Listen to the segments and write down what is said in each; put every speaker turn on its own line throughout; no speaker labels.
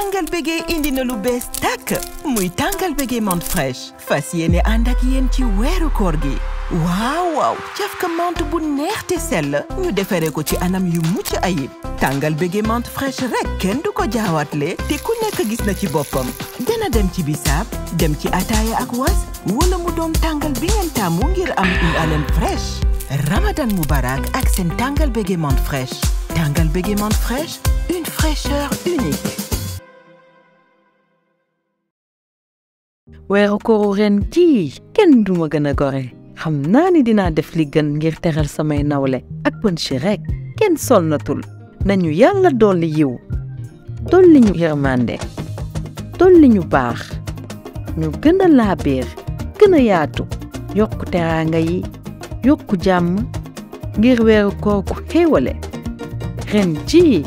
tàngal bégee indi na lu bees tàkk muy tàngal bégee menthe fraîche fas yéene ànd ak yéen ci weeru koor gi waaw waaw cafka menthe bu neex te sell ñu defaree ko ci anam yu mucc ayib tàngal bégee menthe fraîche rek kenn du ko jaawatle te ku nekk gis na ci boppam dana dem ci bisaab dem ci ataaya ak was wala mu doon tàngal bi ngeen taamu ngir am une haleine ak seen tàngal bégee une fraîcheur unique
weeru kooru ren jii kenn duma gën a gore xam naa ni dinaa def li gën ngir teral samay nawle ak Punch rek kenn solnatul nañu yàlla dolli yiw dolli ñu yërmande dolli ñu baax ñu gën a laabiir gën a yaatu yokku teraanga yi yokku jàmm ngir weeru koor ku xéewale ren jii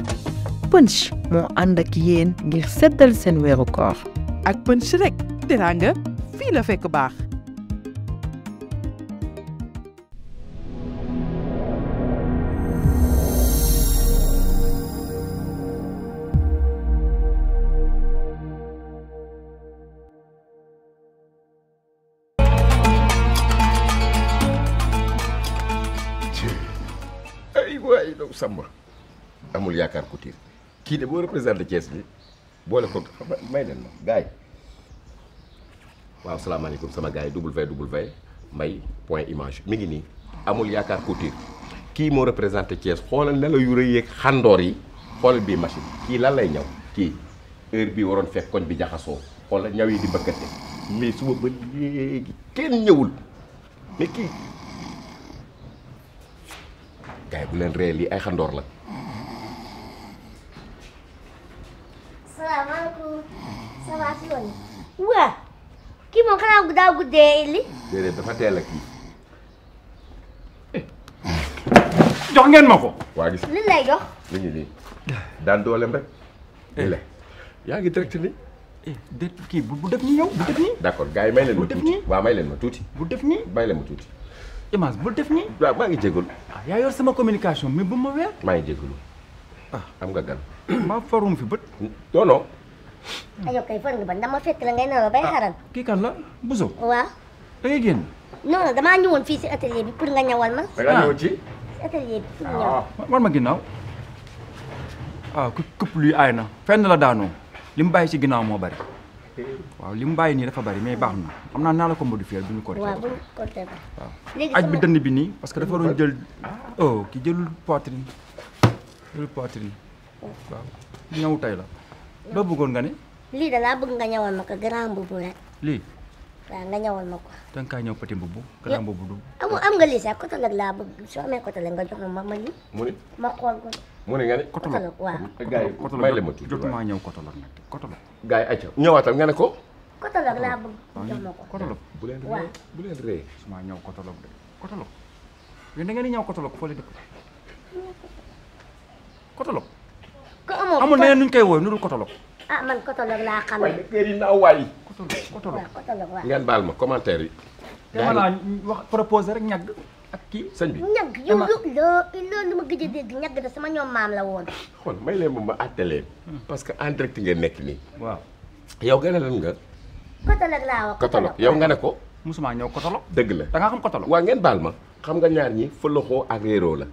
Punch moo ànd ak yéen ngir seddal seen weeru koor teraanga fii la fekk baax.
waaye loolu amul yaakaar ku kii de boo représenté Thiès bi boole ko may leen ma gars waaw salaamaaleykum sama gars yi www may point image mi ngi nii amul yaakaar couture kii moo représenté Thiès xoolal nelaw yu rëy xandoor yi xoolal bii machine kii lan lay ñaw kii heure bii waroon fekk koñ bi jaxasoo xoolal ñaw yi di bëggante mais suba ba léegi kenn ñëwul mais kii yi bu leen ree lii ay xandoor la.
kii moom xanaa daa guddee illi
déedéet dafa teel eh, jox ngeen ma ko waa gis li lay jox li ngi nii rek eh. li la yaa ngi direct ni eh,
de kii bu def nii yow bu def
nii d'accord gars yi may leen ma tuuti waa may leen ma tuuti bu def nii may ma tuuti image bu def nii maa ngi jégalu ah, yaa yor sama communication mais bu ma weer maa ngi jégalu ah am nga gan maa farum fi bët non non
yow fekk la kii kan la Bousso waaw da ngay génn non non damaa fii si atelier bi pour nga ñawal ma si atelier bi pour ñëw
war ma ginnaaw ah luy aay na fenn la daanoo li mu bàyyi ci ginnaaw moo bari waaw li mu bàyyi nii dafa bari mais baax na am naa naa la ko modifier bu ñu bu ñu corrigé waaw aj bi dënn bi nii parce que dafa doon jël oh ki jëlul poitrine jëlul poitrine waaw ñëw tey la loo bëggoon nga ne.
lii da laa bëgg nga ñawal ma ko grand mbubu rek. lii. waaw nga ñawal ma ko.
da nga kaa ñëw petit mbubu grand mbubu du.
amul am nga lii sax kotalag laa bëgg soo amee kotalag nga jox ma ma ma lii. mu ni ma xool ko.
mu ni nga ne kotalag waaw. gars ñëw kotalag nag kotalag. gars yi ayca nga ne ko.
kotalag laa bëgg jox
ma bu leen ree bu ñëw kotalag de kotalag. yéen da ñëw kotalag foo amul leneen nuñ koy wooy nu dul kotolog
ah man kotolog laa xam ne
kër yi naaw waay
kotolog kotolog ah, ngeen
baal ma commentaire yi dama wax proposé rek ñagg ak kii sëñ bi
ñagg yow lu loolu ma gëj a dégg
xool may leen moom ma àtte hmm. parce que en direct ngeen nekk nii waaw yow gën a lan nga
kotolog laa wax kotolog yow nga
ne ko musuma ñëw kotolog dëgg la da nga xam kotolog waaw ngeen baal ma xam nga ñaar ñi fëlaxoo ak réeroo la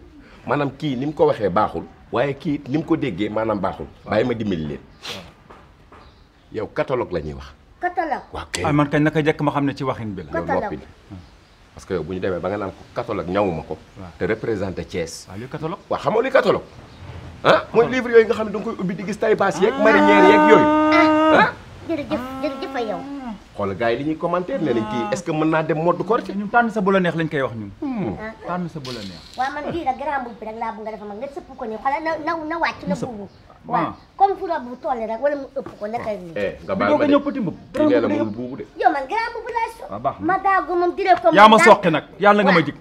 maanaam kii ni mu ko waxee baaxul waaye kii it ni ko déggee maanaam baaxul. bàyyi ma dimbali leen. yow catalogue la ñuy wax.
catalogue waaw kay
man kañ naka jekk ma xam ne ci waxin bi la. catalogue parce que yow bu ñu demee ba nga naan ko catalogue ñawuma ko. te représenté Thiès. waaw luy catalogue waaw xam nga luy catalogue. ah mooy livre yooyu nga xam ne da nga koy ubbi di gis tay baas yeeg ah. marinière yeeg yooyu. Ah.
Ah.
xool gars yi li ñuy commenter ne nañ kii ah. est-ce que naa dem mode Korité ñun tànn sa bu la neex lañ koy wax ñun hmm. tànn sa bu neex
waaw man gii nag grand boubou bi laa bëgg nga dafa mag nga ko nii na na na wàcc na buubu ah. waaw comme fu rob bu tolli rek wala mu ëpp ko naka nii eh, eh, nga baal ma de ñëw
petit mbub nee la moom buubu de
yow man grand boubou laa ah, so
nag yàlla nga ma jig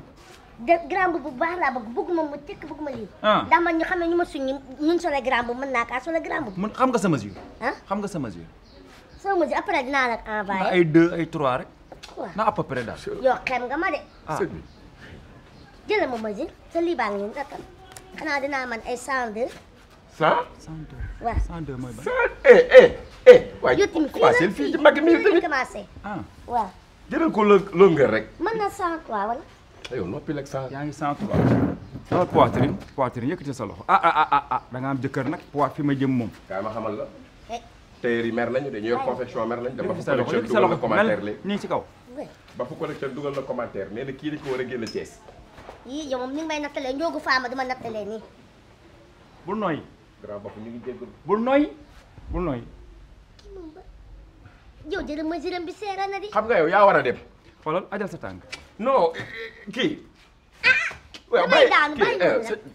grand boubou bu baax laa bëgg bëgguma mu tekk bëgguma lii ndax man xam ne ñu suñ ñun solo grand boubou mën naa kaa solo xam
nga sa mesure xam nga sa mesure
soo mujj après dinaa la envoyé. na ay
deux ay trois rek. na à peu
près daal. yow xem nga ma de. ah
jëlal ma ji sa lii baa ngi nii naka xanaa dinaa man ay cent deux. cent. cent deux waaw cent
deux eh eh eh. waaye
commencé fii
ah. ko longueur rek.
mën na cent trois
wala. yaa ngi cent trois. sama poitrine
poitrine yëkkati sa loxo ah ah ah ah, ah. da nga am jëkkër nag poids fi ma jëm moom. kaay ma xamal la.
Eh.
tailleur yi mer nañu dañu yor ah, confection mer nañu. dafa fa collection dugal na commentaire léegi nii ci kaw. ba fa collection dugal na commentaire nee na kii dañu ko war a génn Thiès.
yii yow moom mi may nattalee Ndiogu Fama dama nattalee nii.
bul nooyi. grand bopp ñu ngi jégalu. bul nooyi bul nooyi.
kii moom ba yow seera na di. xam
nga yow yaa war a dem. xoolal ajal sa tànk. non kii. waaw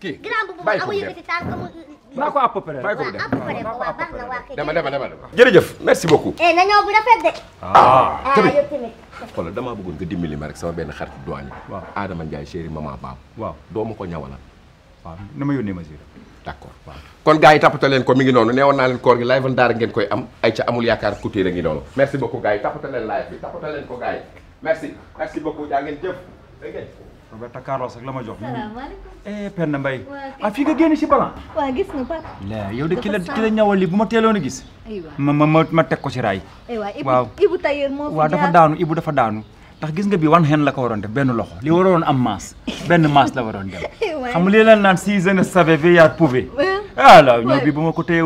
kii ko naa ko à peu dama dama
jërëjëf merci beaucoup.
Eh, na ñëw bu rafet de.
ah, ah, ah tamit xoolal damaa bëggoon nga dimbali ma rek sama benn xarit douane. waaw Adama Ndiaye chéri maman Baab. waaw doo ma ko ñawalal. waaw na ma yónnee mesure. d'accord kon gars yi tappata leen ko mi ngi noonu ne naa leen koor gi live daara ngeen koy am ay ca amul yaakaar couture a ngi noonu. merci beaucoup gars yi tappata leen live bi ko gars yi merci merci beaucoup jaa ngeen jëf Roberta Carlos ak la ma jox.
salaamaaleykum. Penda i ah fii nga génn si balan. waaw gis nga papa.
la yow de ki la ki li bu ma teeloon a gis. ma ma teg ko si raay.
waaw Ibu tailleur moo fi waaw dafa
daanu Ibu dafa daanu. ndax gis nga bi wan xen la ko waroon def benn loxo li waroon am maas benn maas la waroon def. xam nga li leen naan si je ne savais pas y a trouvé. ah bi bu ma ko téye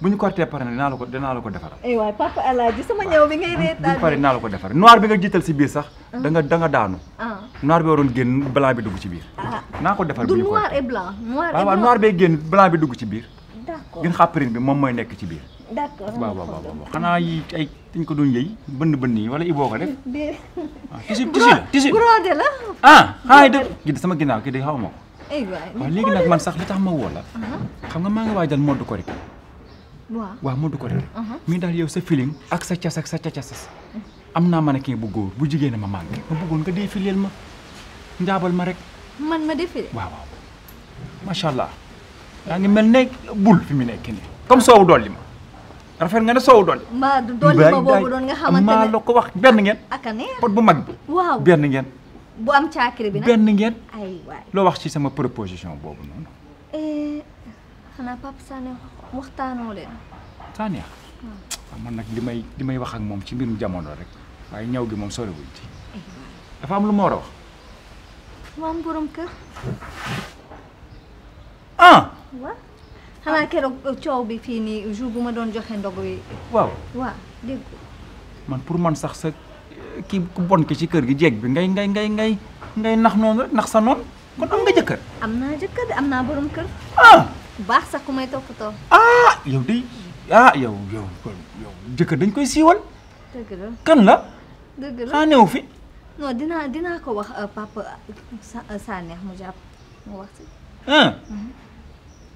bu ñu corté pare na dinaa la ko dinaa la ko defaral.
eh waay papa Alaaji sama ñëw bi ngay reetaan bi pare
dinaa la ko defar noir bi nga jiital si biir sax. Ah. da nga da nga daanu. Ah. noir bi waroon génn blanc bi dugg ci biir. Ah. naa ko defar bu ñu noir
et blanc. noir et blanc waaw noir bee
génn blanc bi dugg ci biir. d'accord gën xàpparin bi moom mooy nekk ci biir.
d'accord waaw waaw waaw xanaa
yi ay dañ ko doon yëy bënn bënn yi wala iboo ko
def. ah
tissu tissu la tissu brodé la. ah xaay de gi sama ginnaaw gi de xaw ma ko. aywa waaw léegi nag man sax li tax ma woo la. Uh-huh. xam nga maa ngi waajal mode Korité waaw waaw moo du ko def. daal yow sa feeling ak sa cas ak sa cacas uh-huh. am naa mannequin bu góor bu jigéen ma manqué ma bëggoon nga défileel ma njaabal ma rek. man ma défilé waaw yaa ngi mel ne bul fi mu nekk ma. rafet nga ne soowu dolli.
mbaa du ma boobu maa la
ko wax benn ngeen. akaneer pot bu mag bi. waaw benn ngeen.
bu am caakiri bi nag
loo wax si sama proposition boobu noonu.
xanaa papa Sané waxtaanoo hmm.
nag li may li may wax ak moom ci mbirum jamono rek waaye ñaw gi moom soriwul ci. dafa am lu ma war a wax.
dafa am ah! euh, bi fii nii jour ma doon joxe ndogu yi.
man pour man sax sa euh, kii ku bon ki ci kër gi jeeg bi ngay ngay ngay ngay ngay nax noonu rek nax sa noonu kon am
nga jëkkër. am naa jëkkër am naa borom kër. Ah! ku sa sax ku may toppatoo. ah
yow de ah yow yow yow jëkkër dañ koy siiwal. dëgg la kan la.
dëgg la xaanewu fi. non dinaa dina ko wax euh, papa euh, Sanex mu jàpp mu wax si.
Mhm.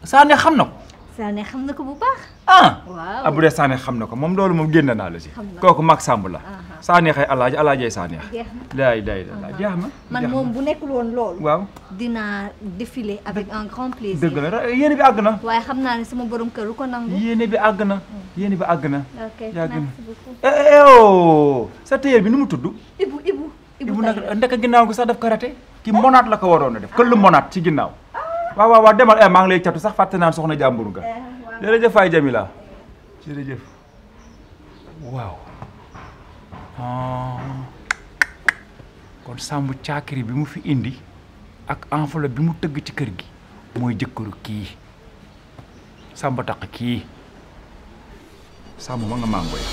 Sanex xam na ko.
Sané xam na ko bu baax. ah waaw ah, bu dee
Sané xam na ko moom loolu moom génn naa la si. kooku mag Samb la. Sané xay alaaji alaaji ay Sané. jeex na jeex na jeex
man moom bu nekk woon loolu. waaw dinaa défiler avec un grand plaisir. dëgg bi àgg na. waaye xam naa ne sama borom kër ko nangu.
yéene bi àgg na. yéene bi àgg na.
ok eh, eh, eh,
oh! sa téyeel bi nu mu tudd. Ibu Ibu. Ibu nag ndek ginnaaw gi sax daf ko raté. ki monaat la ko waroon def. Ah. këll monaat ci ginnaaw. waaw waaw waaw demal eh, maa ngi lay catu sax fàtte naan soxna jàmbur nga eh, jërëjëf Faye Jamila jërëjëf waaw ah. kon sàmb caakiri bi mu fi indi ak enveloppe bi mu tëgg ci kër gi mooy jëkkëru kii sàmb taq kii sàmb ma nga màngo ya